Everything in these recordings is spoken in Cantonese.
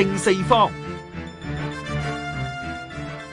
正四方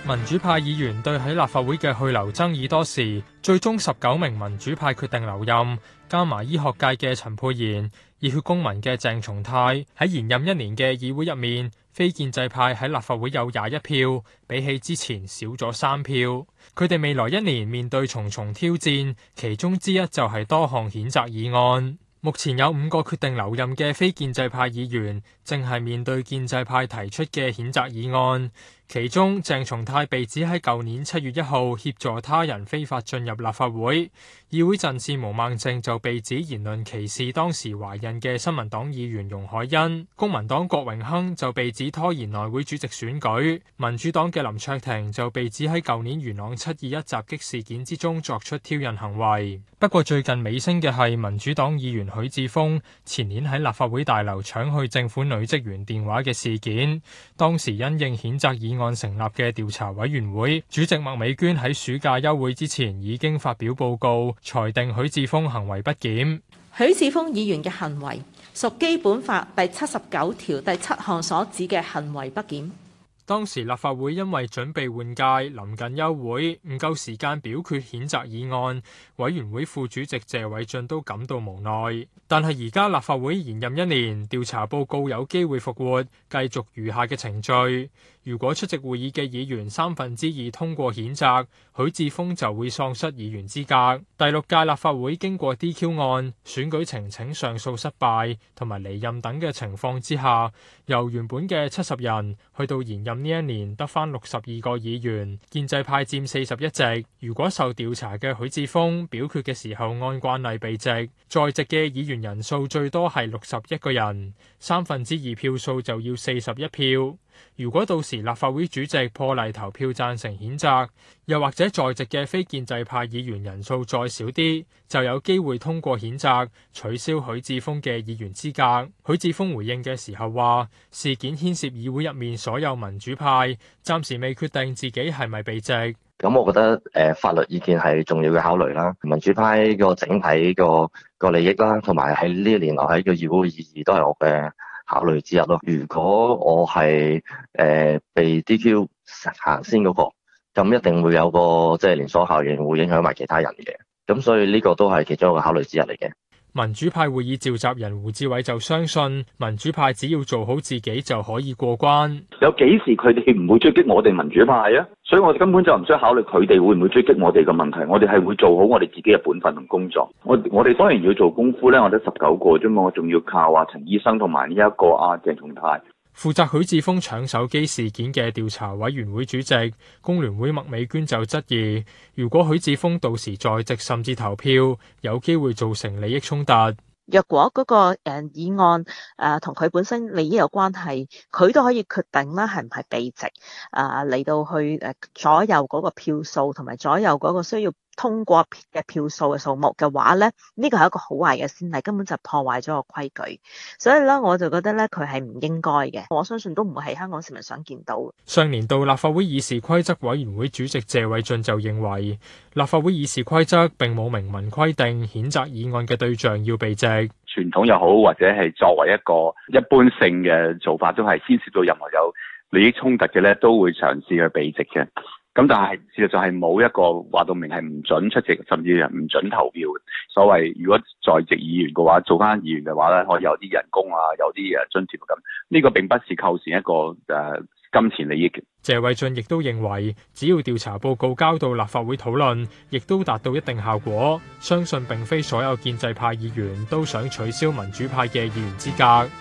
民主派議員對喺立法會嘅去留爭議多時，最終十九名民主派決定留任，加埋醫學界嘅陳沛然、熱血公民嘅鄭松泰，喺延任一年嘅議會入面，非建制派喺立法會有廿一票，比起之前少咗三票。佢哋未來一年面對重重挑戰，其中之一就係多項譴責議案。目前有五個決定留任嘅非建制派議員，正係面對建制派提出嘅譴責議案。其中鄭松泰被指喺舊年七月一號協助他人非法進入立法會，議會陣線毛孟靜就被指言論歧視當時懷孕嘅新民黨議員容海恩，公民黨郭榮鏗就被指拖延內會主席選舉，民主黨嘅林卓廷就被指喺舊年元朗七二一襲擊事件之中作出挑釁行為。不過最近尾聲嘅係民主黨議員許智峯前年喺立法會大樓搶去政府女職員電話嘅事件，當時因應譴責案成立嘅調查委員會主席麥美娟喺暑假休會之前已經發表報告，裁定許智峯行為不檢。許智峯議員嘅行為屬《基本法》第七十九條第七項所指嘅行為不檢。當時立法會因為準備換屆，臨近休會，唔夠時間表決譴責議案，委員會副主席謝偉俊都感到無奈。但係而家立法會延任一年，調查報告，告有機會復活，繼續餘下嘅程序。如果出席會議嘅議員三分之二通過譴責，許智峯就會喪失議員資格。第六屆立法會經過 DQ 案、選舉呈請上訴失敗同埋離任等嘅情況之下，由原本嘅七十人去到延任。呢一年得翻六十二個議員，建制派佔四十一席。如果受調查嘅許智峰表決嘅時候按慣例避席，在席嘅議員人數最多係六十一個人，三分之二票數就要四十一票。如果到時立法會主席破例投票贊成譴責，又或者在席嘅非建制派議員人數再少啲，就有機會通過譴責，取消許智峯嘅議員資格。許智峯回應嘅時候話：事件牽涉議會入面所有民主派，暫時未決定自己係咪避席。咁我覺得誒，法律意見係重要嘅考慮啦。民主派個整體個個利益啦，同埋喺呢一年來喺個議會嘅意義都係我嘅考慮之一咯。如果我係誒、呃、被 DQ 行先嗰、那個，咁一定會有個即係、就是、連鎖效應，會影響埋其他人嘅。咁所以呢個都係其中一個考慮之一嚟嘅。民主派會議召集人胡志偉就相信民主派只要做好自己就可以過關。有幾時佢哋唔會追擊我哋民主派啊？所以我根本就唔需要考慮佢哋會唔會追擊我哋嘅問題。我哋係會做好我哋自己嘅本分同工作。我我哋當然要做功夫咧。我得十九個啫嘛，我仲要靠啊陳醫生同埋呢一個啊鄭松泰。負責許智峯搶手機事件嘅調查委員會主席工聯會麥美娟就質疑，如果許智峯到時在席甚至投票，有機會造成利益衝突。若果嗰個誒議案誒同佢本身利益有關係，佢都可以決定啦係唔係避席啊嚟到去誒左右嗰個票數同埋左右嗰個需要。通過嘅票數嘅數目嘅話咧，呢個係一個好壞嘅先例，根本就破壞咗個規矩。所以咧，我就覺得呢，佢係唔應該嘅。我相信都唔會係香港市民想見到嘅。上年度立法會議事規則委員會主席謝偉俊就認為，立法會議事規則並冇明文規定，譴責議案嘅對象要避席。傳統又好，或者係作為一個一般性嘅做法，都係牽涉到任何有利益衝突嘅呢都會嘗試去避席嘅。咁但係事實上係冇一個話到明係唔准出席，甚至係唔准投票嘅。所謂如果在籍議員嘅話，做翻議員嘅話咧，可以有啲人工啊，有啲誒津貼咁。呢個並不是構成一個誒金錢利益嘅。謝偉俊亦都認為，只要調查報告交到立法會討論，亦都達到一定效果，相信並非所有建制派議員都想取消民主派嘅議員資格。